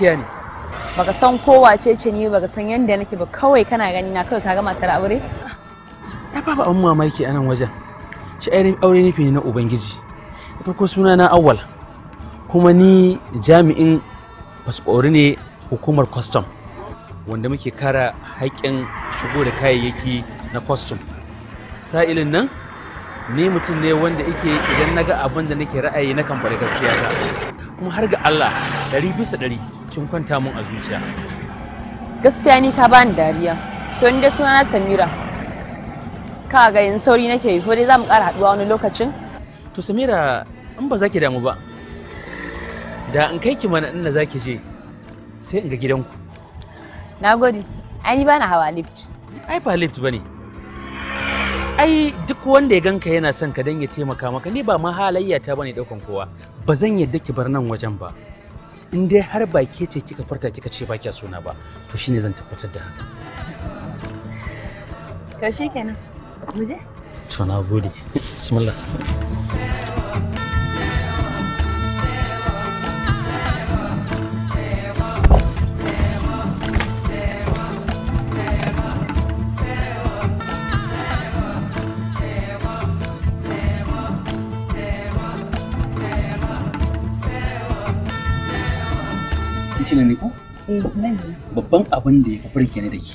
gaskiya ne baka san ko wace ce ne baka san yadda nake ba kawai kana gani na kawai kaga matar aure na ba abin mamaki a nan wajen shi ainihin aure nufi ne na ubangiji da farko suna na awwal kuma ni jami'in fasfori ne hukumar kwastam wanda muke kara haƙƙin shigo da kayayyaki na kwastam sa'ilin nan ni mutum ne wanda ike idan na ga abin da nake ra'ayi na kamfani gaskiya ta kuma har ga Allah ɗari bisa ɗari kin kwanta mun a zuciya. Gaskiya ni ka bani dariya. To ni dai sunana Samira. Ka ga yin sauri nake yi ko dai za mu ƙara haɗuwa wani lokacin? To Samira in ba za ki damu ba. Da in kai ki mana inda za ki je sai in ga gidanku. Na gode. Ai ni bana hawa lift. Ai ba lift bane. ai duk wanda ya ganka yana son ka dan ya taimaka maka ni ba ma halayya ta bane daukan kowa ba zan yadda ki bar nan wajen ba in dai har ba ke ce kika farta kika ce ba kya suna ba to shine zan tabbatar da haka to mu je to na gode bismillah ce ne ko? Eh, Babban abin da ya fi burge ni da ke.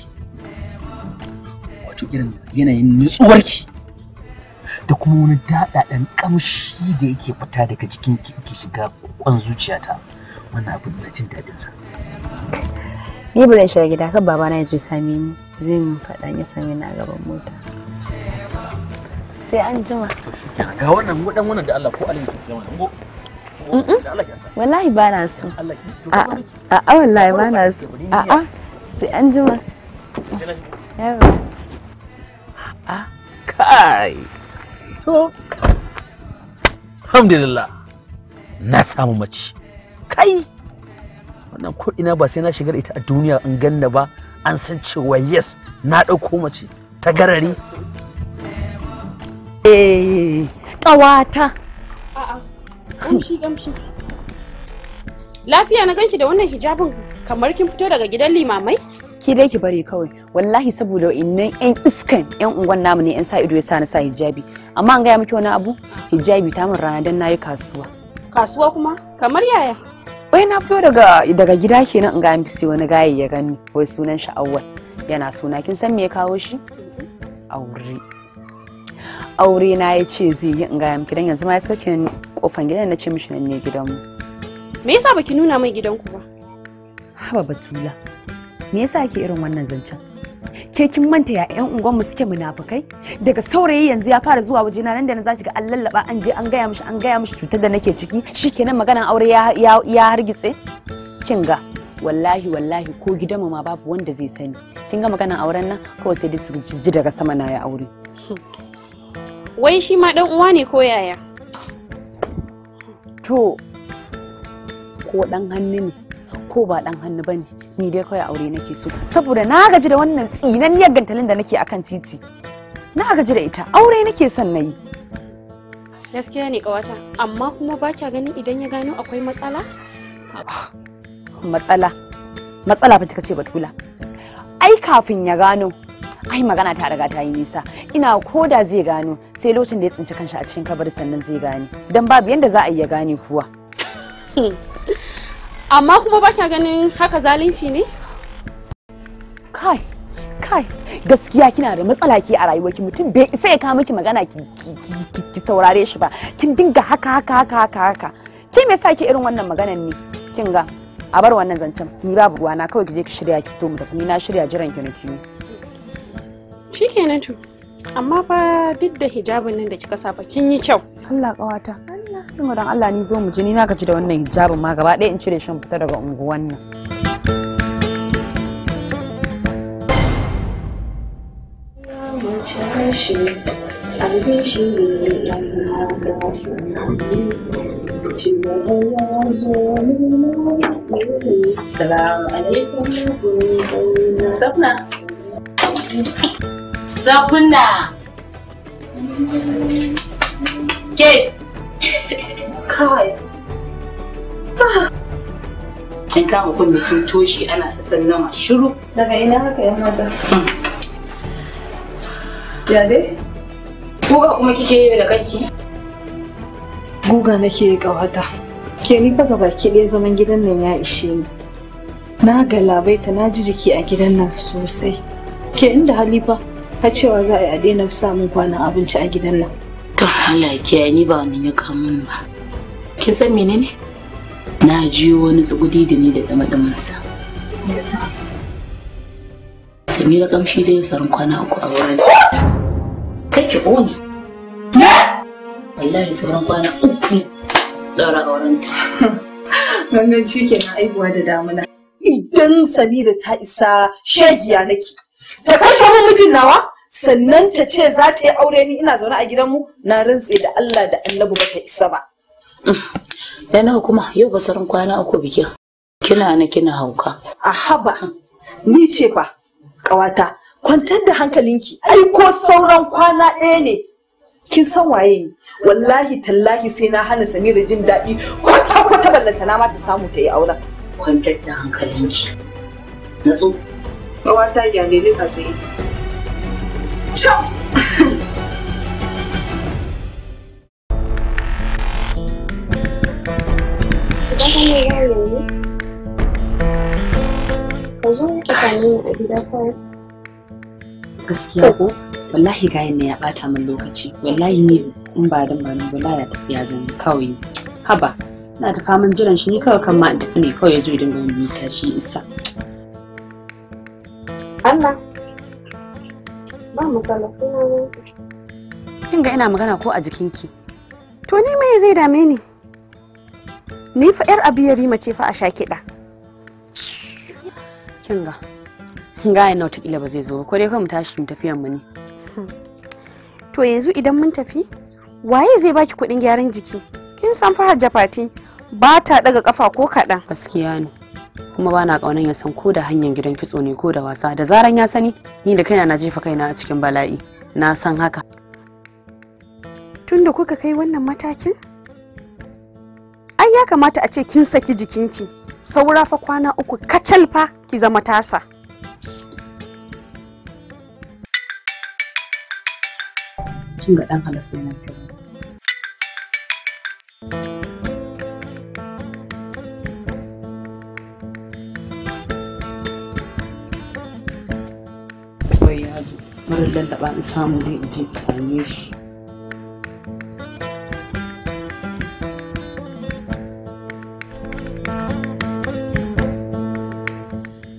Wato irin yanayin nutsuwarki da kuma wani daɗaɗen ƙamshi da yake fita daga jikin ki shiga kwan zuciyata. Wannan abin na jin daɗin sa. Ni ba shiga gida kan baba ya zo same ni. Zan faɗa ya same ni a gaban mota. Sai an jima. Ga wannan wannan da Allah ko alaihi wasallam. wallahi ba na so a a wallahi ba na so a a sai an jima a kai to alhamdulillah na samu mace kai wannan ko ina ba sai na shigar ita a duniya in ganna ba an san cewa yes na ɗauko mace ta garari eh ƙawata Lafiya na ganki da wannan hijabin kamar kin fito daga gidan limamai? Ki dai ki bari kawai. Wallahi saboda innan yan iskan yan unguwan namu ne yan sa ido ya sa na sa hijabi. Amma an gaya miki wani abu? Hijabi ta min rana dan nayi kasuwa. Kasuwa kuma? Kamar yaya? Wai na fito daga daga gida kenan in ga miki sai wani gaye ya gani. Wai sunan shi Awwal. Yana suna kin san me ya kawo shi? Aure. Aure na ya ce zai yi in ga miki dan yanzu ma ya sauke ni kofan gidan na ce mishi nan ne gidanmu me yasa baki nuna mai gidanku ba haba batula me yasa ake irin wannan zancen ke kin manta ya yan unguwanmu suke munafukai daga saurayi yanzu ya fara zuwa wajena nan da nan zaki ga an an je an gaya mishi an gaya mishi cutar da nake ciki shikenan maganan aure ya ya hargitse kin ga wallahi wallahi ko gidanmu ma babu wanda zai sani kin ga maganan auren nan kawai sai dai su ji daga sama na ya aure wai shi ma dan uwa ne ko yaya to ko dan hannu ne ko ba dan hannu ba ne ni dai kawai aure nake so saboda na gaji da wannan tsinanniyar gantalin da nake akan titi na gaji da ita aure nake son nayi gaskiya ne kawata amma kuma ba kya ganin idan ya gano akwai matsala matsala matsala ba ta kace batula ai kafin ya gano ai magana ta riga ta yi nisa ina ko da zai gano sai lokacin da ya tsinci kanshi a cikin kabari sannan zai gane dan babu yanda za a iya gane kuwa amma kuma ba ganin haka zalunci ne kai kai gaskiya kina da matsala ki a ki mutum bai isa ya kawo miki magana ki saurare shi ba kin dinga haka haka haka haka haka ki me yasa ki irin wannan maganan ne kin ga a bar wannan zancen ni babu na kawai ki je ki shirya ki to mu tafi ni na shirya jiran ki na kiyo shikenan to amma fa duk da hijabin nan da kika saba kin yi kyau Allah kawata Allah kuma dan Allah ni zo mu ji ni na gaji da wannan hijabin ma gaba ɗaya in cire shan fita daga unguwan nan abin Salamu alaikum. Sabna. sapuna Ke. Kai. In kama kunne kin toshi ana ta sallama shiru. Daga ina haka yan mata? Hmm. Ya dai? Kuka kuma kike yi da kanki? Guga nake yi ƙawata. Ke ni baka baki ɗaya zaman gidan nan ya ishe ni. Na galabaita na ji jiki a gidan nan sosai. Ke inda Halifa har cewa za a daina samun kwanan abinci a gidan nan to Allah ya ni ba wannan ya kamun ba kin san menene na ji wani zugudi da ni da dama-damansa samira kamshi dai ya sarin kwana uku a wurin kake ƙone wallahi sauran kwana uku Tsara a wurin wannan ci ke na aibuwa da damuna idan samira ta isa shagiya nake ta kashe mun mutun nawa sannan ta ce za ta yi aure ni ina zaune a gidanmu na rantse da Allah da Annabi ba ta isa ba yana mm. kuma yau ba sarin kwana uku bikin kina na kina hauka a haba ni ce fa kawata kwantar da hankalinki ai ko sauran kwana ɗaya ne kin san waye ne wallahi tallahi sai na hana samira jin daɗi kwata kwata ballanta na ma ta samu ta yi auren kwantar da hankalinki na zo. kawata ya ne ka tsaye Tchau! gaskiya ko wallahi gayan na ya bata min lokaci wallahi ne in ba dan ba ni wallahi ya tafi ya zama, kawai haba na ta faman jiran shi ni kawai kan ma in tafi ne kawai ya zo ya dinga wani tashi isa Allah ba kin ga ina magana ko a jikin ki? to ni me zai dame ni ni fa yar yarima ce fa a sha kiɗa kin ga kin ga yana wata ba zai zo ba ko dai kawai mu tashi mu tafiyan mu ne hmm. to yanzu idan mun tafi waye zai baki kuɗin gyaran jiki kin san fa Fati? ba ta daga kafa ko kaɗan gaskiya ne kuma bana kaunan ya san ko da hanyar gidan kitso ne ko da wasa da zaran ya sani ni da kaina na jefa kaina a cikin bala'i na san haka tunda kuka kai wannan matakin ai ya kamata a ce kin saki jikinki saura fa kwana uku kacal fa ki zama tasa kin ga barin lallaba in samu zai in je in same shi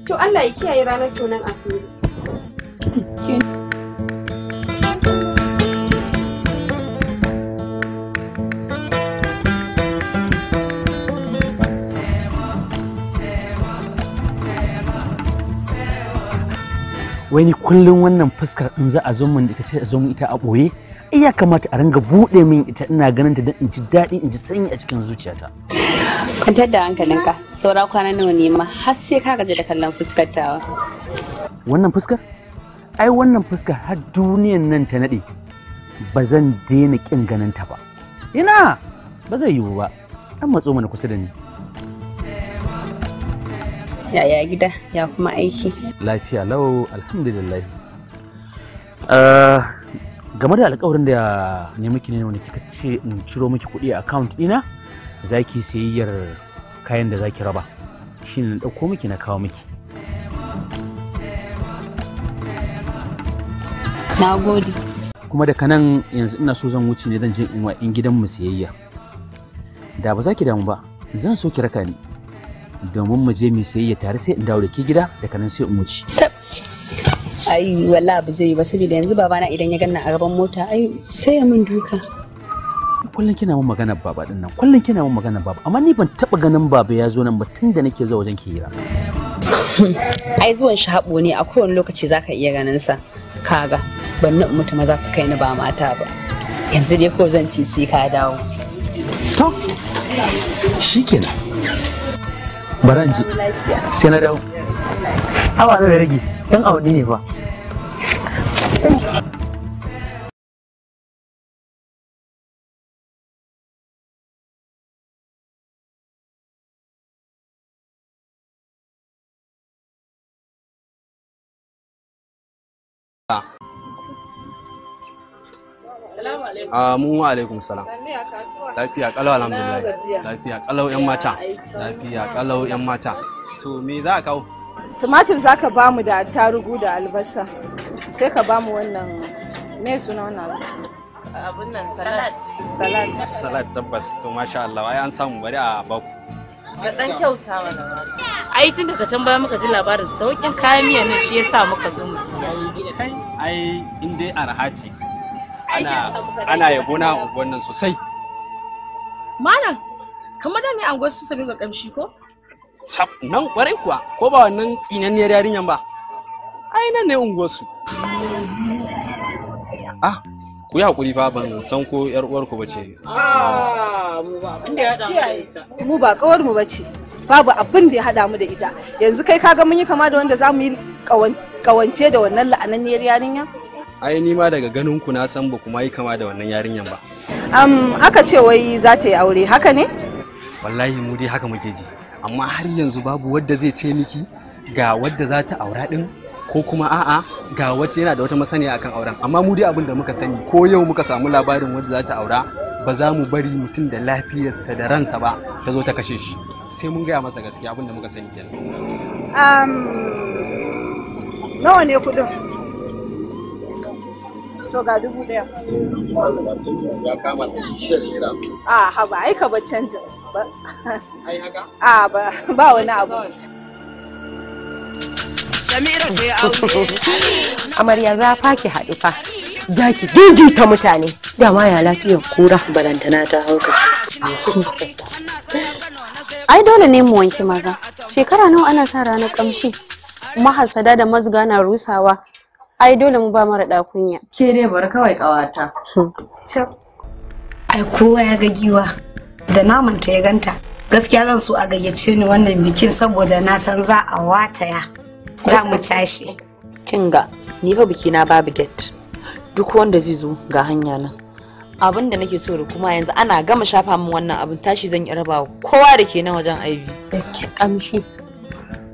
to Allah ya kiyaye ranar tonan asiri kullum wannan fuskar in za a zo mun ita sai a zo mun ita a ɓoye iya kamata a ringa buɗe min ita ina ganin ta don in ji daɗi in ji sanyi a cikin zuciyata. kwantar da hankalinka saura kwana nawa ne ma har sai ka gaji da kallon fuskar tawa. wannan fuskar ai wannan fuskar har duniyan nan ta naɗe ba zan daina ƙin ganin ta ba ina ba zai yiwu ba an matso mana kusa da ni. yaya gida ya kuma aiki lafiya lau alhamdulillah ah, game da alkawarin da ne miki ne wani kika ce in ciro miki kuɗi a account ɗina za ki sayayyar kayan da za ki raba shi na ɗauko miki na kawo miki na gode kuma da kanan yanzu ina so zan wuce ne zan je in wa in gidan mu sayayya da ba za ki damu ba zan so ki raka ni domin mu je mu sayayya tare sai in dawo da ke gida daga nan sai in wuce ai walla ba zai yi ba saboda yanzu babana idan ya ganna a gaban mota ai sai ya min duka kullum kina mun magana baba din nan kullum kina mun magana baba amma ni ban taba ganin baba ya zo nan ba tun da nake zuwa wajen ke hira ai zuwan shi haɓo ne a kowane lokaci zaka iya ganin sa kaga ban nan mutu maza su kai ni ba mata ba yanzu dai ko zan ci sai ka dawo to shikenan baranji ji sai na dawo awa na rage yan awanni ne ba. Amu ah, alaikum salam. Lafiya kalau alhamdulillah. Lafiya kalau yan mata. Lafiya kalau yan mata. To me za ka kawo? Tumatir za ka bamu da tarugu da albasa. Sai ka bamu wannan me suna wannan abin nan salad. Salad. Salad tabbas to masha Allah ai an samu bari a baku. Ga dan kyauta mana. Ai tun daga can baya muka ji labarin sauƙin kayan miya ne shi yasa muka zo mu siya. Ai in dai arha ce ana yabo na unguwan sosai malam kamar da ne an gwasu sabi ga kamshi ko nan kwarai kuwa ko ba wannan tsinanniyar yarinyan ba ai nan ne unguwar su ah ku yi hakuri fa ban san ko yar uwar ku bace ah, mu ba kawar mu bace babu abin da ya hada mu da ita yanzu kai kaga mun yi kama da wanda zamu yi kawance da wannan la'ananniyar yarinya ai ni ma daga ganin ku na san ba kuma yi kama da wannan yarinyan ba um, aka ce wai za ta yi aure haka ne wallahi mu dai haka muke ji amma har yanzu babu wadda zai ce miki ga wadda za ta aura din ko kuma a'a ga wacce yana da wata masaniya akan auren amma mu dai abin da muka sani ko yau muka samu labarin wadda za ta aura ba za mu bari mutum da lafiyarsa da ransa ba ta zo ta kashe shi sai mun gaya masa gaskiya abin da muka sani kenan um, nawa ne kudin to ga dubu ɗaya ya kama a ba canjin ba ai haka a ba wani abu amarya za fa ki haɗu fa za ki gigita mutane dama ya lafiyar kura barantana ta hauka ai dole ne mu wanke maza shekara nawa ana sa ranar kamshi mahasada da mazga na rusawa ai dole mu ba mara kunya Ke dai bari kawai kawata hmm. Ai kowa ya ga giwa da namanta ya ganta. Gaskiya zan so a gayyace ni wannan bikin saboda na san za a wataya. Za mu tashi. Kinga, ni fa biki na babu get. Duk wanda zai zo ga hanya nan. Abin da nake so da kuma yanzu ana gama shafa min wannan abin tashi zan yi rabawa kowa da ke nan wajen aibi. Eh, kamshi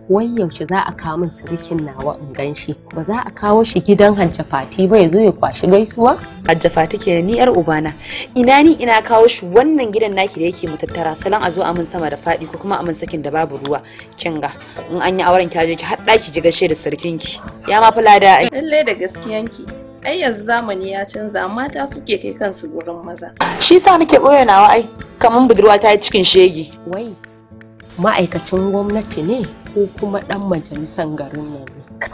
wai yaushe za a kawo min sirikin nawa in gan ba za a kawo shi gidan hajja fati ba ya zo ya kwashi gaisuwa hajja fati ke ni yar ubana ina ni ina kawo shi wannan gidan naki da yake mutattara salon a zo a min sama da fadi ko kuma a min sakin da babu ruwa kinga in an yi auren kyaje ki hadda ki ji gashe da sirkin ki ya ma fula da ai lalle da gaskiyanki ai yanzu zamani ya canza mata suke kai kansu gurin maza shi sa nake boye nawa ai kaman budurwa ta yi cikin shege wai ma'aikacin gwamnati ne ko kuma dan majalisan garin nan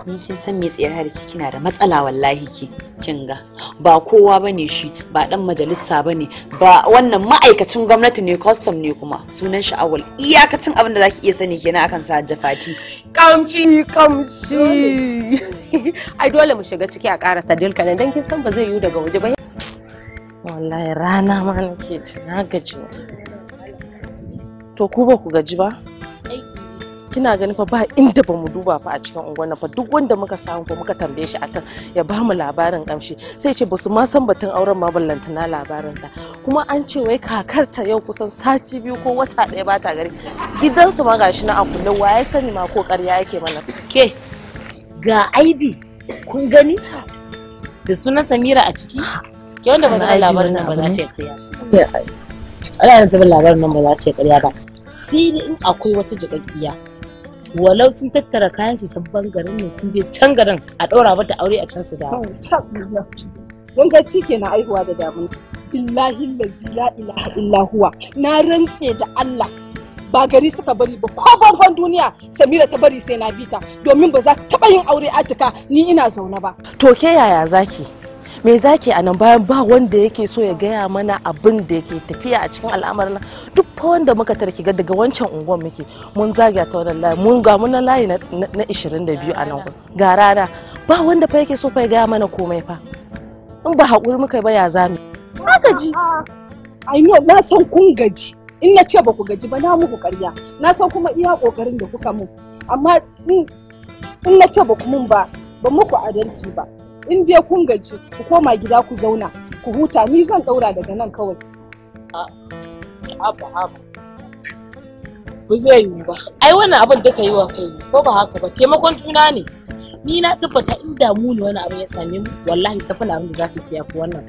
ni kin san me har da kina da matsala wallahi ki kin ga ba kowa bane shi ba dan majalisa bane ba wannan ma'aikacin gwamnati ne custom ne kuma sunan shi awal iyakacin abin da zaki iya sani kenan akan sa jafati kamci kamci ai dole mu shiga ciki a ƙara sadil nan dan kin san ba zai yiwu daga waje ba wallahi rana ma nake ci na gaji to ku ba ku gaji ba kina ganin fa ba inda ba mu duba fa a cikin unguwar fa duk wanda muka samu ko muka tambaye shi akan ya ba mu labarin kamshi sai ce basu ma san batun auren ma ballanta na labarin ta kuma an ce wai kakarta yau kusan sati biyu ko wata ɗaya ba ta gari gidansu ma gashi na a kullum ya sani ma ko ƙarya yake mana ke ga aibi kun gani da sunan samira a ciki ke wanda ba za labarin nan ba za ta yi ƙarya ya da labarin nan ba za ta yi ƙarya ba sai in akwai wata jikakkiya walau sun tattara kayan su sabban garin ne sun je can garin a ɗora mata aure a can su da. Don ka ke na aihuwa da damun. Billahi lazi la ilaha illahuwa na rantse da Allah ba gari suka bari ba ko gwangwan duniya Samira ta bari sai na bita domin ba za ta taba yin aure atika ni ina zaune ba. To ke yaya zaki? me zaki a nan bayan ba wanda yake so ya gaya mana abin da yake tafiya a cikin al'amarin duk fa wanda muka tarki ga daga wancan unguwar muke mun zagaya ta wannan layi mun ga mun layi na 22 a nan ga rana ba wanda fa yake so fa ya gaya mana komai fa in ba haƙuri muka ba ya zame. na gaji ai ne na san kun gaji in na ce ba ku gaji ba na muku ƙarya na san kuma iya ƙoƙarin da kuka mun amma in na ce ba ku mun ba ba muku adalci ba in je kun gaji ku koma gida ku zauna ku huta ni zan daura daga nan kawai haba haba ba zai yi ba ai wannan abin duka yi wa kai ko ba haka ba taimakon juna ne ni na tabbata in damu ne wani abu ya same mu wallahi safin abin da za ka siya ku wannan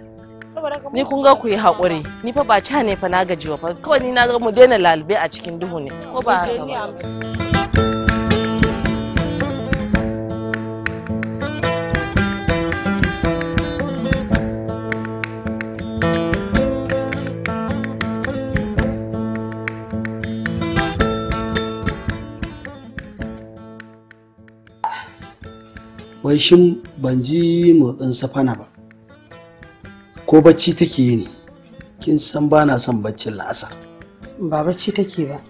ni kun ga ku yi haƙuri ni fa ba ca ne fa na gaji wa fa kawai ni na ga mu daina lalube a cikin duhu ne ko ba haka ba wai shin ban ji motsin safana ba ko bacci take yi ne kin san ba na son baccin la'asar ba bacci take ba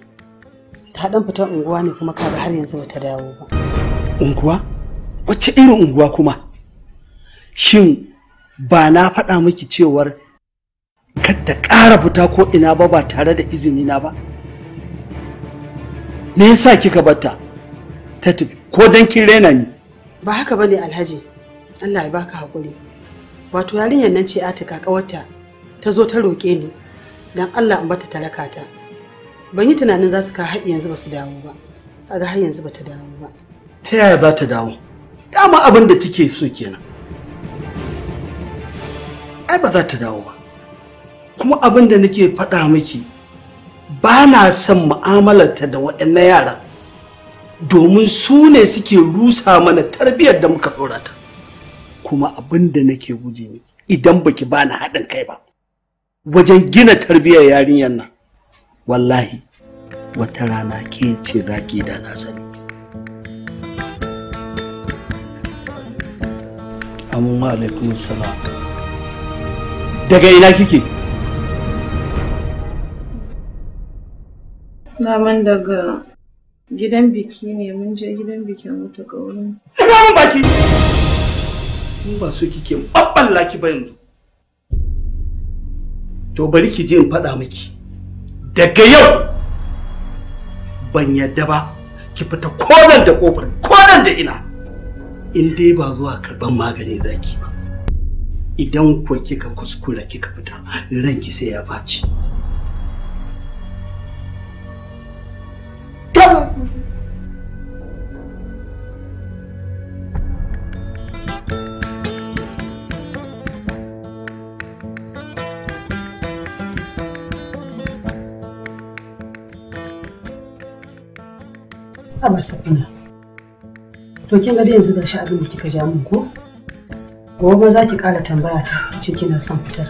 ta dan fita unguwa ne kuma kaga har yanzu bata dawo ba unguwa wacce irin unguwa kuma shin ba na faɗa miki cewar ta ƙara fita ko ina ba ba tare da izini na ba me yasa kika bata ta tafi ko dan kin rena ni ba haka bane alhaji allah ya baka haƙuri wato yarinyar nan ce ta kakawarta ta zo ta roƙe ni don allah in bata talaka ta ban yi tunanin za su ka har yanzu ba su dawo ba kaga har yanzu ba ta dawo ba ta yaya za ta dawo dama abin da take so kenan ai ba za ta dawo ba kuma abin da nake faɗa miki ba na son mu'amalarta da waɗannan yaran domin su ne suke rusa mana tarbiyyar da muka ɗora ta kuma abin da nake guje ne idan baki bani haɗin kai ba wajen gina tarbiyyar yarinyar nan wallahi wata rana ke ce za ki da na sani amin wa daga ina kike naman daga Gidan biki ne mun je gidan bikin wata ƙaurin. Ina mun baki! Mun ba so kike babban laki ba yanzu. To bari ki je in faɗa miki. Daga yau ban yadda ba ki fita konan da kofar konan da ina. In dai ba zuwa karban magani zaki ba. Idan ko kika kuskura kika fita ranki sai ya faci. Abar Safina. To kin ga yanzu gashi abin da kika ja min ko? Gobe za ki ƙara tambaya ta kice kina son fitar.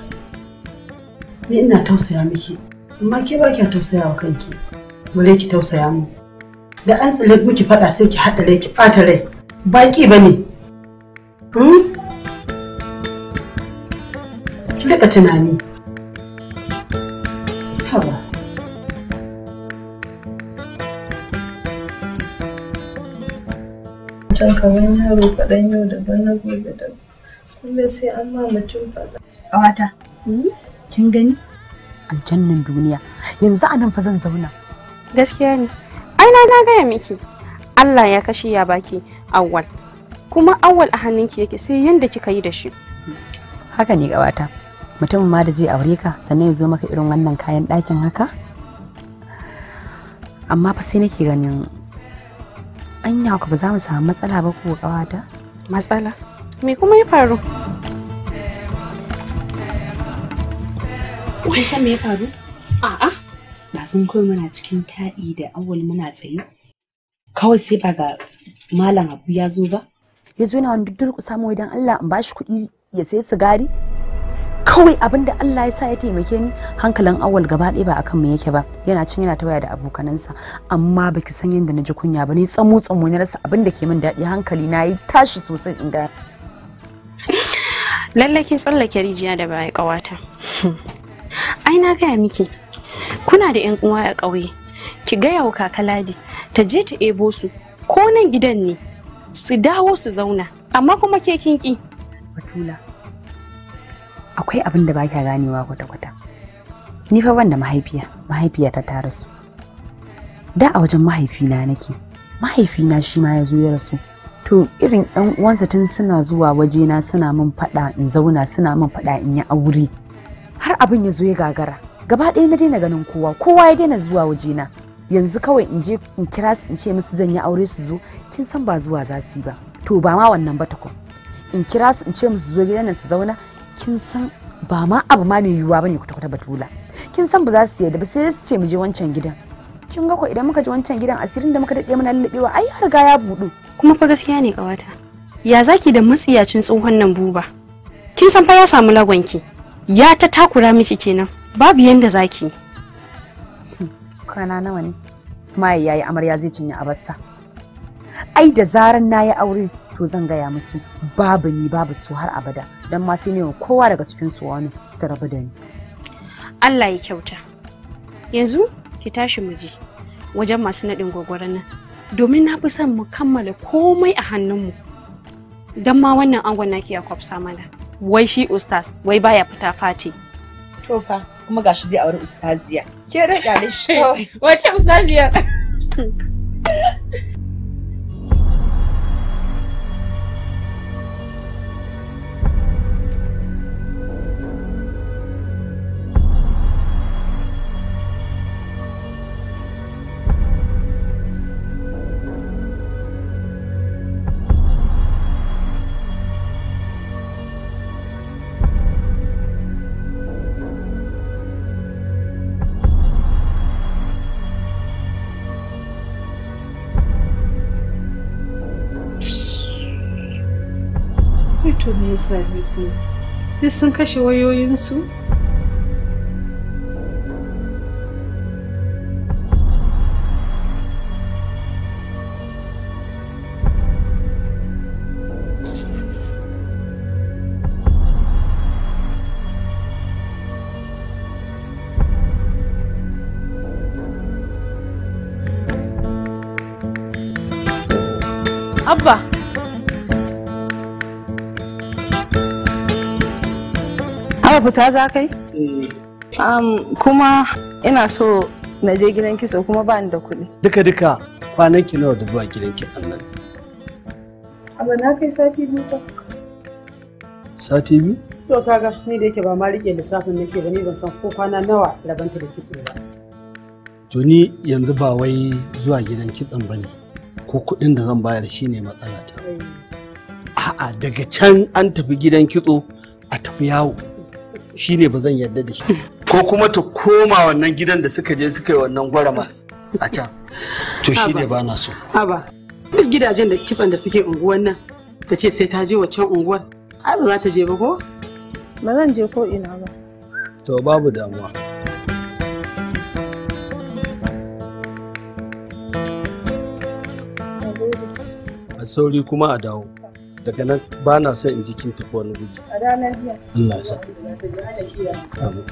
Ni ina tausaya miki, amma ke ba kya tausaya wa kanki. Bare ki tausaya mu. da an tsale miki faɗa sai ki haɗa rai ki ɓata rai baƙi ba ne hmm? ki daga tunani haba can kamar yaro faɗan yau ban na gobe da kuma sai an ma mutum faɗa awata hmm? kin gani aljannan duniya yanzu a nan fa zan zauna gaskiya ne na na gaya miki Allah ya kashe ya baki awwal kuma awwal a hannunki yake sai yanda kika yi da shi haka ne gawata mutumin ma da zai aure ka sannan ya zo maka irin wannan kayan ɗakin haka amma fa sai nake ganin yi ka ba za mu samu matsala ba ko gawata matsala me kuma ya faru wai san me ya faru a'a ba sun kawai muna cikin taɗi da awal muna tsaye kawai sai ba ga malam abu ya zo ba ya zo yana wani durku samu idan Allah in bashi kuɗi ya sayi sigari kawai abin da Allah ya sa ya taimake ni hankalin awal gaba ɗaya ba akan mu yake ba yana cin yana tawaya da abokanansa amma baki san yadda na ji kunya ba ni tsamo tsamo na rasa abin da ke min daɗi hankali na yi tashi sosai in ga lallai tsallake rijiya da baya ƙawata ai na gaya miki kuna da yan uwa a ƙauye ki gaya wa kaka ladi ta je ta ebo su ko nan gidan ne su dawo su zauna amma kuma ke kin ki akwai abin da baki ganewa kwata-kwata ni fa banda da mahaifiya mahaifiya ta rasu da a wajen mahaifina nake mahaifina shi ma ya zo ya rasu to irin ɗan uwansa tun suna zuwa wajena suna min faɗa in zauna suna min faɗa in yi aure har abin ya zo ya gagara gaba ɗaya na daina ganin kowa kowa ya daina zuwa wajena yanzu kawai in je in kira su in ce musu zan yi aure su zo kin san ba zuwa za su yi ba to ba ma wannan ba takon in kira su in ce musu zo gidan nan su zauna kin san ba ma abu ma mai yiwuwa bane kwata-kwata batula kin san ba za su yarda ba sai su ce mu je wancan gidan kin ga ko idan muka je wancan gidan asirin da muka daɗe muna lullubewa ai ya riga ya buɗu kuma fa gaskiya ne kawata ya zaki da matsiyacin tsohon nan buba kin san fa ya samu lagonki ya ta takura miki kenan babu yanda zaki kana nawa ne mai yayi amarya zai cinye abarsa ai da zaran nayi aure to zan gaya musu babu ni babu su har abada dan ma sai ne kowa daga cikin su wani su rabu da ni Allah ya kyauta yanzu ki tashi mu wajen masu naɗin gwagwaran nan domin na fi son mu kammala komai a hannunmu dan ma wannan angon naki ya kwafsa mana wai shi ustas wai baya fita fati to kuma gashi zai auri ustaziya ke rai da shi wace ustaziya ya same duk sun kashe wayoyinsu Abba. fita za ka yi? Eh. kuma ina so na je gidan kitso kuma ba ni da kuɗi. Duka duka kwanan ki nawa da zuwa gidan ki nan. Abu na kai sati biyu ta Sati biyu? To kaga ni da yake ba ma rike lissafin nake ba ni ban san ko kwana nawa rabanta da kitso ba. To ni yanzu ba wai zuwa gidan kitson ba ne ko kuɗin da zan bayar shine matsala ta. Eh. A'a daga can an tafi gidan kitso a tafi yawo. Shi ne ba zan yarda da shi ko kuma ta koma wannan gidan da suka je suka yi wannan gwarama a can to ne ba na so haba duk gidajen da kitsan da suke unguwan nan ta ce sai ta je waccan unguwar ai ba za ta je ba ko ba zan je ko ina ba to babu damuwa a sauri kuma a dawo daga nan ba na son in jikin tafi wani guri Allah ya sa amin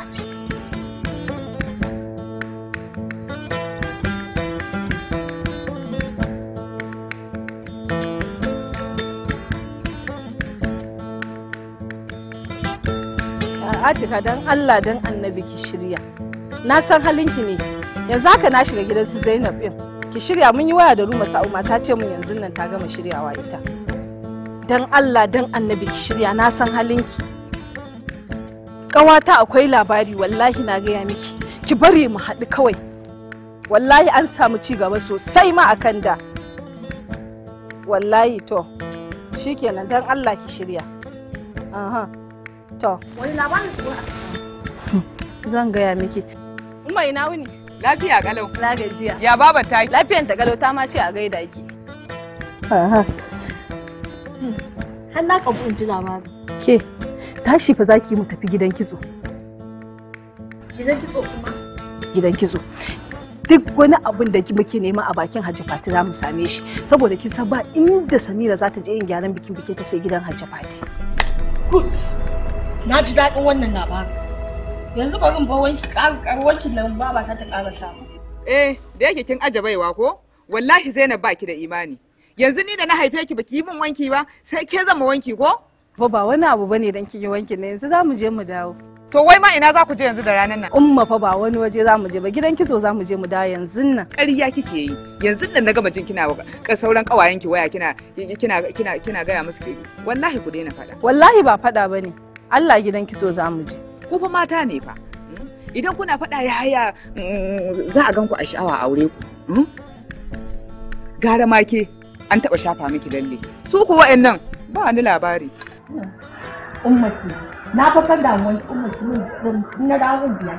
Atika don Allah don annabi ki shirya. Na san halinki ne, yanzu haka na shiga gidan su Zainab ɗin. Ki shirya mun yi waya da Ruma Sa'uma ta ce mun yanzu nan ta gama shiryawa ita. dan Allah dan annabi ki shirya na san halinki Kawata akwai labari wallahi na gaya miki ki bari mu haɗu kawai wallahi an samu ci gaba sosai ma akan da wallahi to shikenan dan Allah ki shirya aha to wani labarin zan gaya miki umma ina wuni lafiya galau. na gajiya ya baba ta lafiyan ta galau ta ma ce a gaida ki aha Har na kabu in ji labari. Ke, tashi fa zaki mu tafi gidan kitso. Gidan kitso kuma? Gidan kitso. duk wani abin da muke nema a bakin Hajji Fati za mu same shi saboda kin san ba inda Samira za ta je yin gyaran bikin bikin ta sai gidan Hajji Fati. Good. Na ji daɗin wannan labarin. Yanzu bari ba wanki ƙarar wanki nan ba ba ta ƙara samu. Eh, da yake kin aje baiwa ko? Wallahi Zainab ba ki da imani. yanzu ni da na haife ki baki yi min wanki ba sai ke zama wanki ko ba ba wani abu bane dan kin yi wanki ne yanzu zamu mu je mu dawo to wai ma ina za ku je yanzu da ranar nan umma fa ba wani waje za mu je ba gidan kiso za mu je mu dawo yanzu nan ƙarya kike yi yanzu nan na gama jin kina ka sauran kawayen ki waya kina kina kina kina gaya musu ki wallahi ku daina faɗa wallahi ba faɗa bane Allah gidan kiso za mu je ku fa mata ne fa idan kuna faɗa ya haya mm, za a gan ku a sha'awa aure ku hmm? gara ma ke an taɓa shafa miki lalle su kuwa nan ba ni labari ummaki na fa san damuwar ummaki min zan na dawo biya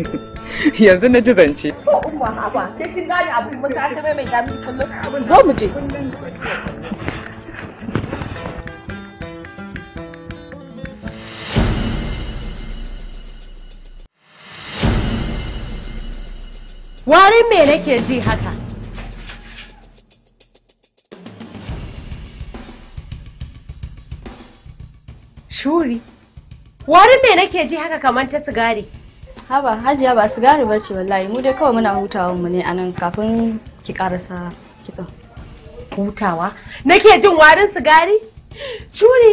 yanzu na ji zance ko umma haba sai kin gane abu mun ta ta mai dami kullum zo mu je Wari me nake ji haka? Shuri. Warin me nake ji haka kamar ta sigari? Haba, Hajiya ba sigari ba ce wallahi, mu dai kawai muna hutawa mu ne anan kafin ki karasa kitson. Hutawa? Nake jin warin sigari? Shuri,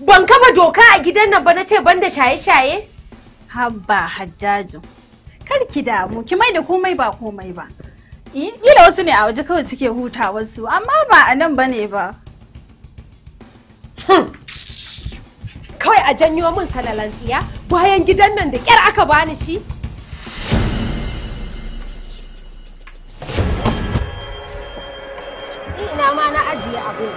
ban kaba doka a gidan nan ba nace banda shaye-shaye? Haba, Hajjaju. Kar ki damu, ki mai da komai ba komai ba. Kila wasu ne a waje kawai suke hutawarsu, amma ba a nan bane ba. Hmm. kawai a janyo min salalan tsiya bayan gidan nan da kyar aka bani shi ina ma na ajiye abu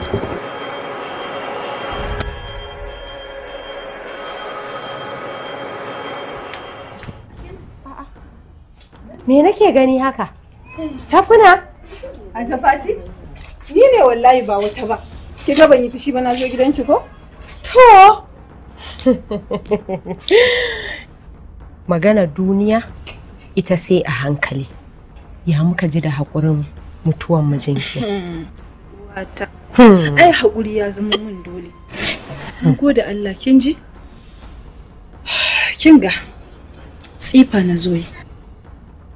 Me nake gani haka? Safuna? A Fati? Ni ne wallahi ba wata ba. Ki ga ban yi fushi ba na zo gidanki ko? To, magana duniya ita sai a hankali ya muka ji da haƙurin mutuwan mijinki hmm. wata hmm. ai haƙuri ya zama mun dole ko da hmm. Allah kin ji kin ga tsifa na zoyi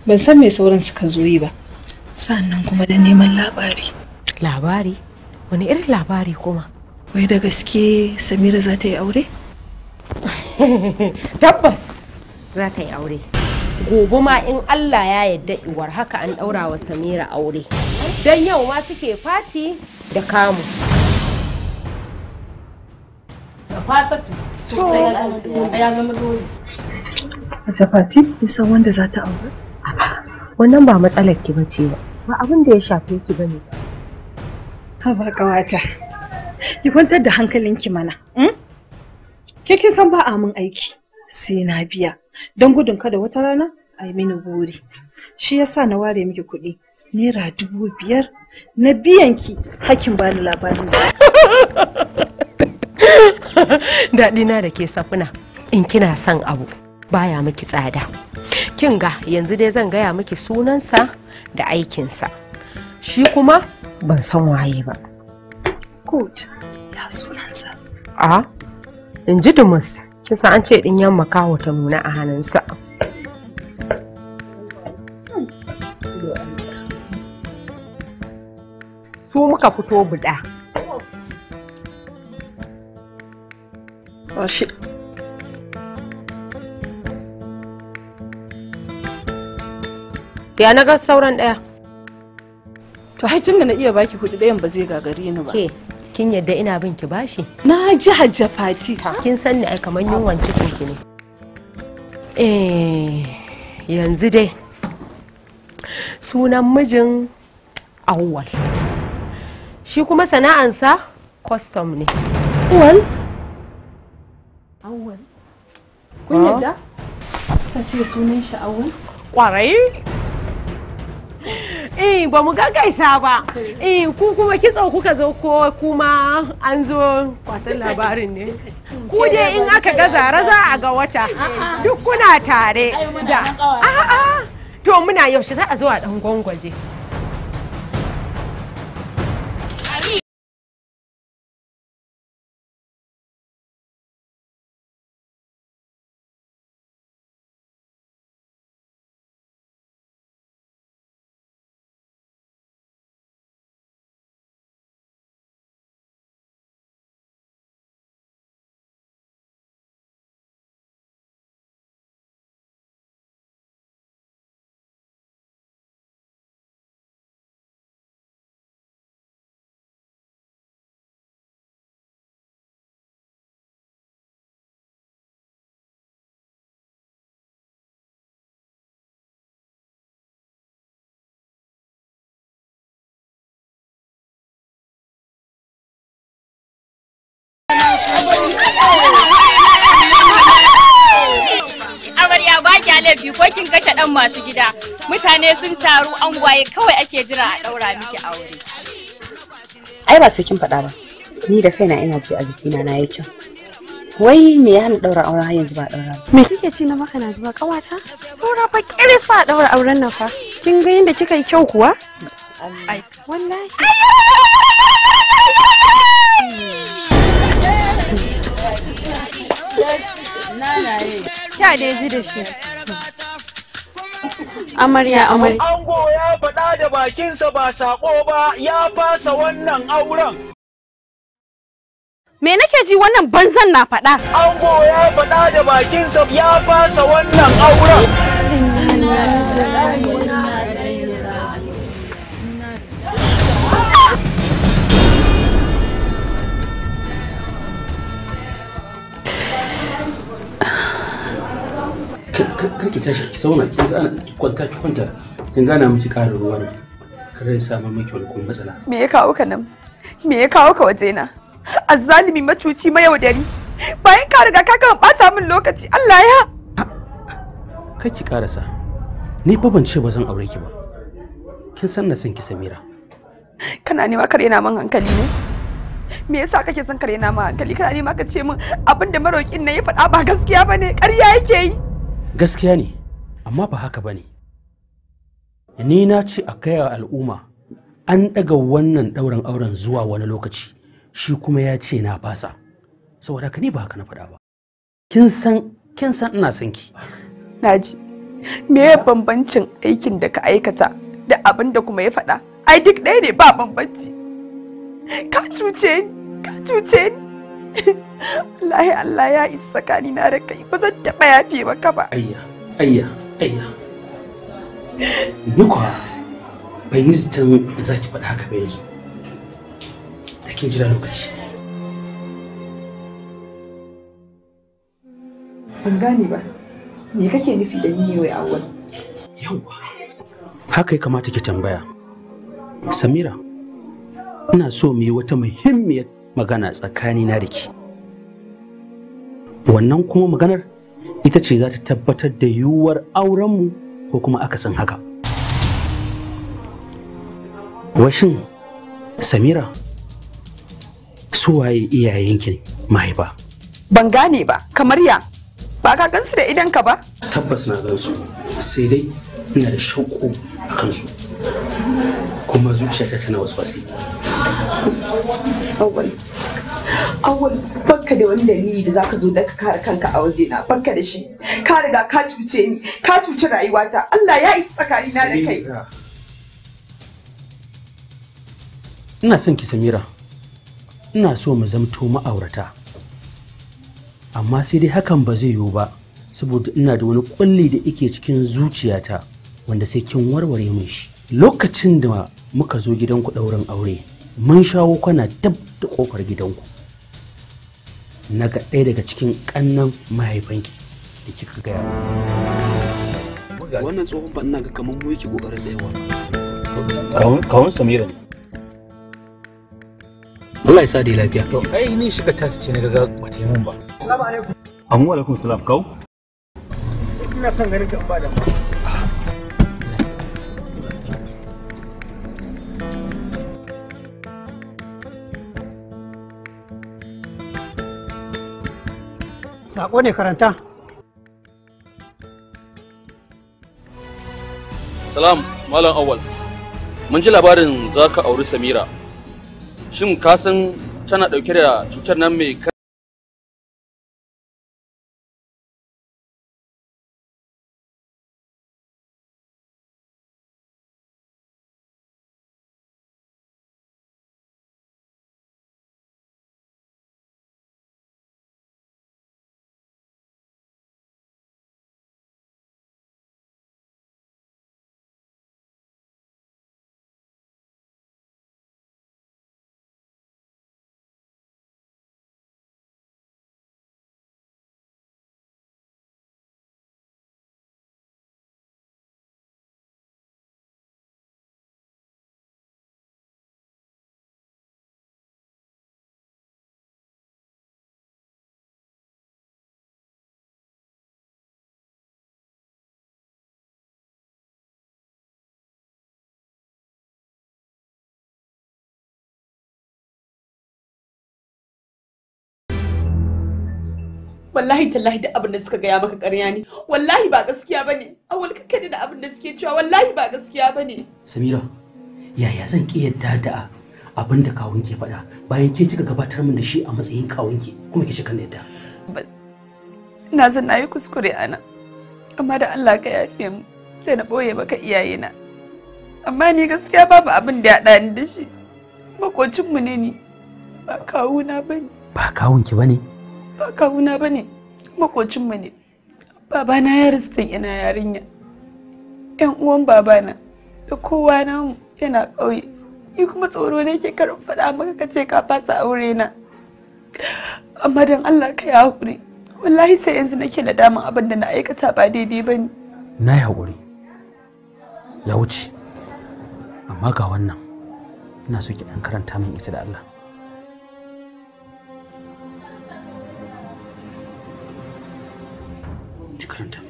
ban san me sauran suka zoyi ba sannan kuma da neman labari labari wani irin labari kuma wai da gaske samira za ta yi aure tabbas za ta yi aure gobe ma in allah ya yadda iwar haka an ɗaura wa samira aure don yau ma suke fati da kamu da fasatu sosai ya zama dole a jafati san wanda za ta aure wannan ba matsalar ki bace ba ba abin da ya shafe ki ba ne. ba ba kawata ki kwantar da hankalinki mana hmm? Ke kin san ba a min aiki sai na biya don gudun kada wata rana a yi mini gori. Shi yasa na ware miki kuɗi naira dubu biyar na biyan ki hakin bani labarin daɗi na da ke safuna in kina son abu baya miki tsada kin ga yanzu dai zan gaya miki sunansa da aikinsa shi kuma ban san waye ba good ya sunansa a ah? in ji dumus kisa an ce ɗin yamma kawo ta nuna a hannunsa su muka fito buɗa oh, ya na ga sauran ɗaya to haicin da na iya baki hudu ɗayan ba zai gagari ni ba kin yadda ina bin ki bashi na ji hajja fati kin san ni ai kamar yunwan cikin ki ne eh yanzu dai sunan mijin awwal shi kuma sana'ansa custom ne awwal awwal kun ah. yadda ta ce sunan shi awwal kwarai eh ba mu gaggaisa ba eh. eh ku kuma kitso kuka zo ko kuma an zo kwasan labarin ne ku dai in aka ga zara za a ga wata duk kuna tare da a'a to muna yaushe za a zo a dan gwangwaje biyu ko kin kashe dan masu gida mutane sun taru an waye kawai ake jira a daura miki aure ai ba sai kin faɗa ba ni da kaina ina ji a jikina na yake kyau wai me ya hana daura auren har yanzu ba daura me kike ci na maka na zuba kawata saura fa kiris ba daura auren nan fa kin ga yadda kika yi kyau kuwa ai wallahi Nanaye. Kya dai ji da shi. Amarya amarya. Ango ya faɗa da bakinsa ba saƙo ba ya fasa wannan auren. Me nake ji wannan banzan na faɗa? Ango ya faɗa da bakinsa ya fasa wannan auren. karki tashi ki sauna kin ga ana ki kwanta ki kwanta kin ga ana miki karin ruwa ne kar ya samu miki wani kun matsala me ya kawo ka nan me ya kawo ka waje na azzalimi macuci mai yaudari bayan ka riga ka gama bata min lokaci Allah ya kai ki karasa ni fa ban ce ba zan aure ki ba kin san na san ki Samira kana nema kar yana min hankali ne me yasa kake son kare na ma hankali kana nema ka ce min abin da marokin na ya faɗa ba gaskiya bane ƙarya yake yi gaskiya ne amma ba haka ba ne ni na ce a wa al'umma an ɗaga wannan ɗaurin auren zuwa wani lokaci shi kuma ya ce na fasa saboda ka ni ba haka na faɗa ba kin san kin san ina son ki naji me ya bambancin aikin da ka aikata da abin da kuma ya faɗa ai duk ɗaya ne ba bambanci ka cuce ni ka cuce ni Allah Allah ya isa tsakani na da kai ba zan taɓa yafe maka ba ayya ayya ayya nukwa bai ban zaton za ki faɗa haka ba yanzu da kin jira lokaci ban gane ba me kake nufi da ni ne wai awwal yawwa haka ya kamata ki tambaya samira ina so mu yi wata muhimmiyar magana tsakanina da ki wannan kuma maganar ita ce za ta tabbatar da yiwuwar aurenmu ko kuma akasin haka washin samira su waye iyayenki mahaifa ban gane ba kamar ya ba ka gansu da idanka ba tabbas na gansu sai dai ina da shauko a kansu kuma zuciyata tana wasu wasi awal bakka da wani dalili da zaka zo da ka kare kanka a waje na bakka da shi ka riga ka cuce ni ka cuci rayuwata Allah ya isa tsakani na da kai ina son ki Samira ina so mu zamto ma'aurata amma sai dai hakan ba zai yiwu ba saboda ina da wani kulli da yake cikin zuciyata wanda sai kin warware mun shi lokacin da muka zo gidanku ɗaurin aure mun shawo kwana dab da ƙofar gidanku na ga ɗaya daga cikin ƙannan mahaifanki da kika gaya wannan tsohon ba ina ga kamar mu yake kokarin tsayawa kawun samira ne Allah ya sa dai lafiya to ai ni shiga tasi ce na ga ba ta ba assalamu alaikum alaikum salam kawo ina son ganin ka ba da ma. Sako ne karanta. Salam, Malam Awal. Mun ji labarin za ka auri Samira. Shin ka san tana ɗauke da cutar nan mai wallahi tallahi da abin da suka gaya maka ƙarya ne wallahi ba gaskiya bane awal kake da abin da suke cewa wallahi ba gaskiya bane samira yaya zan ki yadda da abin da kawun ke faɗa bayan ke kika gabatar min da shi a matsayin kawun ki kuma ki kan yadda bas ina son na yi kuskure ana amma da Allah ka yafe mu sai na ɓoye maka iyayena amma ni gaskiya babu abin da ya ɗani da shi makocinmu ne ni ba kawuna bane ba ki bane ba ba kawuna ba ne makocinmu ne babana ya ristin ina yarinya yan uwan babana da kowa namu yana ƙauye ni kuma tsoro ne ke karin faɗa maka ka ce ka fasa aure na amma don Allah ka ya haƙuri wallahi sai yanzu nake da daman abin da na aikata ba daidai ba ne na yi haƙuri ya wuce amma ga wannan ina so ki ɗan karanta min ita da Allah ki karanta mu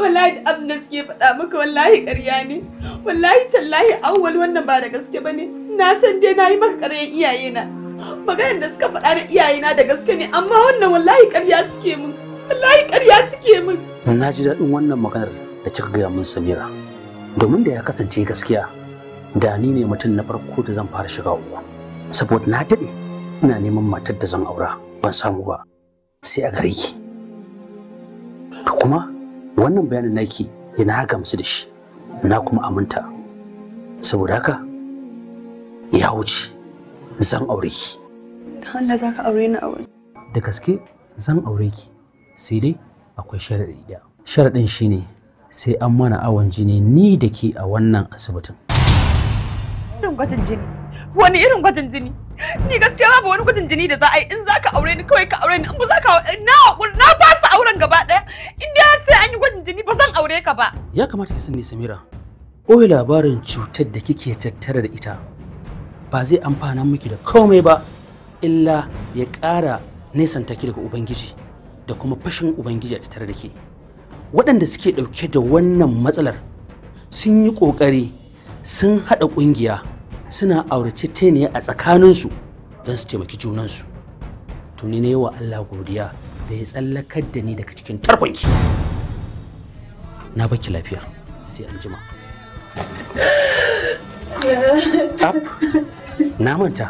wallahi abin da suke faɗa maka wallahi ƙarya ne wallahi tallahi awwal wannan ba da gaske bane na san dai na maka ƙaryar iyaye na maganar da suka faɗa da iyaye na da gaske ne amma wannan wallahi ƙarya suke min wallahi ƙarya suke min na ji daɗin wannan maganar da kika gaya min Samira domin da ya kasance gaskiya da ni ne mutum na farko da zan fara shiga uku saboda na daɗe ina neman matar da zan aura ban samu ba sai a gare ki to kuma wannan bayanin naki yana gamsu da shi na kuma aminta saboda haka ya wuce zan aure ki dan Allah zaka aure ni a da gaske zan aure ki sai dai akwai sharaɗi ɗaya sharaɗin shine sai an mana awon jini ni da ke a wannan asibitin irin gwajin jini wani irin gwajin jini ni gaskiya babu wani gwajin jini da za a yi in zaka aure ni kawai ka aure ni in ba za ka na na auren gaba ɗaya in dai sai an yi gwajin jini ba zan aure ka ba ya kamata ki sani Samira koyi labarin cutar da kike tattara da ita ba zai amfana miki da komai ba illa ya ƙara nesanta ki daga ubangiji da kuma fashin ubangiji a tattare da ke waɗanda suke ɗauke da wannan matsalar sun yi ƙoƙari sun haɗa ƙungiya suna aurace ne a tsakaninsu don su taimaki junansu tuni ne wa allah godiya da ya tsallakar da ni daga cikin tarkonki na baki lafiya sai an jima na manta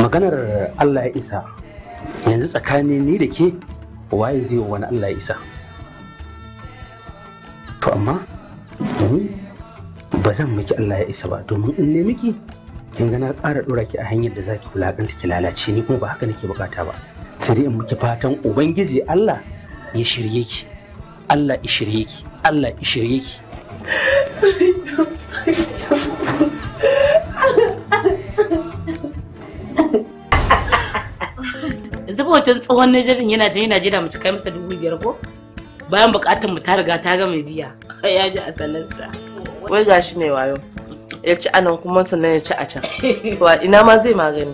maganar allah ya isa yanzu tsakanin ni da ke waye zai wani allah ya isa to amma ba zan miki allah ya isa ba domin in ne miki kin ga na ƙara ɗora ki a hanyar da za ki ganta ki lalace ni kuma ba haka nake bukata ba sai in miki fatan ubangiji Allah ya shirye ki Allah ya shirye ki Allah ya shirye ki zuba wajen tsohon najirin yana jin yana jira mace kai masa dubu biyar ko bayan bukatun mu ta riga ta gama biya ya ji asalinsa wai gashi mai wayo ya ci anan kuma sannan ya ci a can ina ma zai magani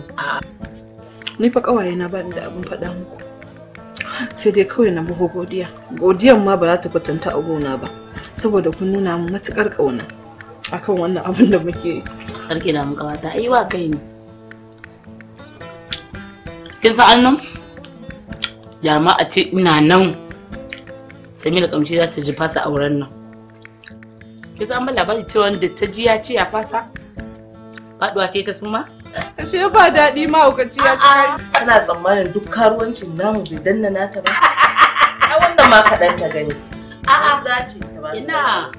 ni fa kawaye na ba da abin faɗa muku sai dai kawai na muku godiya godiyan ma ba za ta kwatanta a gona ba saboda kun nuna mu matukar kauna akan wannan abin da muke yi karki da mu kawata ai wa kai ne kin san annan jama a ce ina nan samira kamshi za ta ji fasa auren nan kin san an labari cewa da ta ji ya ce ya fasa faduwa ce ta suma Ashe ba daɗi ma hukaci ya ci Kana tsammanin duk karuwancin namu bai danna nata ba? A wannan ma kaɗan ta gani. A'a za ce ta ba. Ina.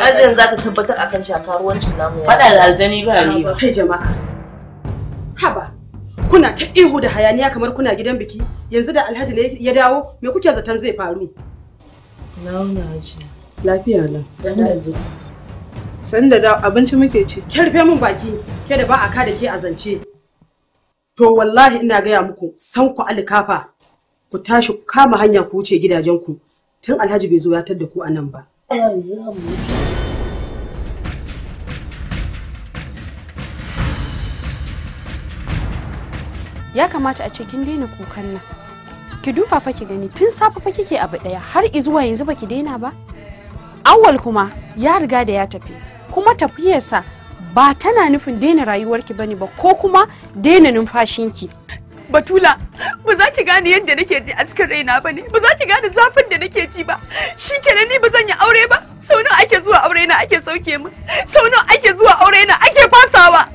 Ajiyar za ta tabbatar akan cewa karuwancin namu ya. Faɗa da aljani ba ni ba. Kai jama'a. Haba. Kuna ta ihu da hayaniya kamar kuna gidan biki yanzu da alhaji ne ya dawo me kuke zaton zai faru? Na wuna hajiya. Lafiya lau. san da abinci muke ci kyarfe mun min baki ke da ba a ka da ke a zance to wallahi ina gaya muku san ku alkafa ku tashi ku kama hanya ku wuce gidajenku tun alhaji bai zo ya tar ku a ba ya kamata a ce kin daina kukan nan ki duba fa ki gani tun safe fa kike abu daya har izuwa yanzu baki daina ba awwal kuma ya riga da ya tafi kuma tafiyarsa ba tana nufin daina rayuwarki bane ba ko kuma daina numfashinki batula ba za ki gane yadda nake ji a cikin raina ba ne ba za ki gane zafin da nake ji ba shi kenan ni ba zan yi aure ba sau nawa ake zuwa aure na ake sauke min sau nawa ake zuwa aure na ake fasawa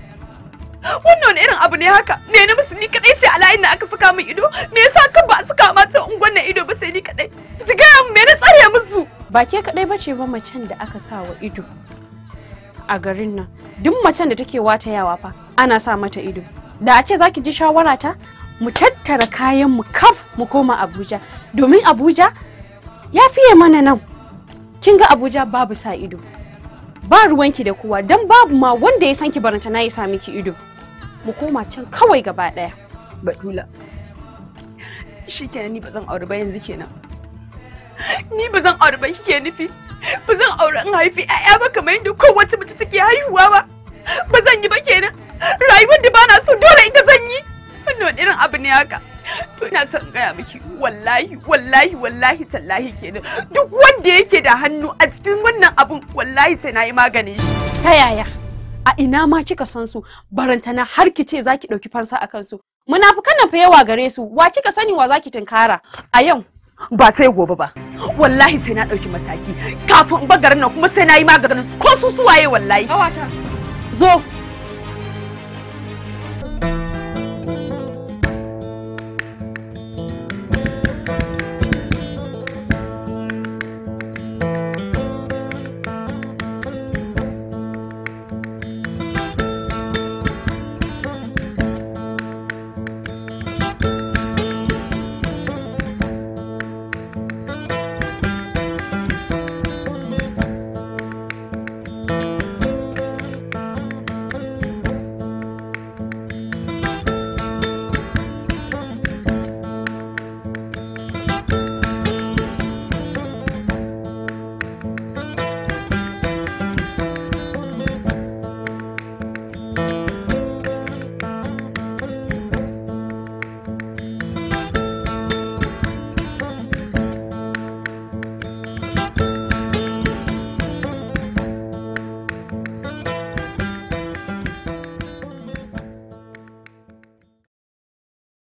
wannan wani irin abu ne haka me na musu ni kadai sai a layin da aka saka min ido me yasa kan ba a saka mata unguwan na ido ba sai ni kadai su gaya mu me na tsare musu ba ke kaɗai ba ce ba macen da aka sa wa ido a garin nan duk macen da take wata yawa fa ana sa mata ido da a ce za ki ji shawara ta mu tattara kayan mu kaf mu koma abuja domin abuja ya fiye mana nan kin ga abuja babu sa ido ba ruwanki da kowa don babu ma wanda ya san ki baranta na ya sa miki ido mu koma can kawai gaba ɗaya batula kenan ni ba zan aure ba yanzu kenan Ni ba zan aure ba kike nufi. Ba zan aure in haifi ƴaƴa ba kamar yadda kowace mace take haihuwa ba. Ba zan yi ba kenan. Rayuwar da bana so dole ita zan yi. Wannan irin abu ne haka. To ina son gaya miki wallahi wallahi wallahi tallahi kenan. Duk wanda yake da hannu a cikin wannan abun wallahi sai na yi maganin shi. Ta yaya? A ina ma kika san su barantana har ki ce zaki ki ɗauki fansa a kansu. Munafukan nan fa yawa gare su wa kika sani wa za ki tunkara a yau ba sai gobe ba wallahi sai na ɗauki mataki kafin in garin nan kuma sai na yi maganin ko su suwaye wallahi zo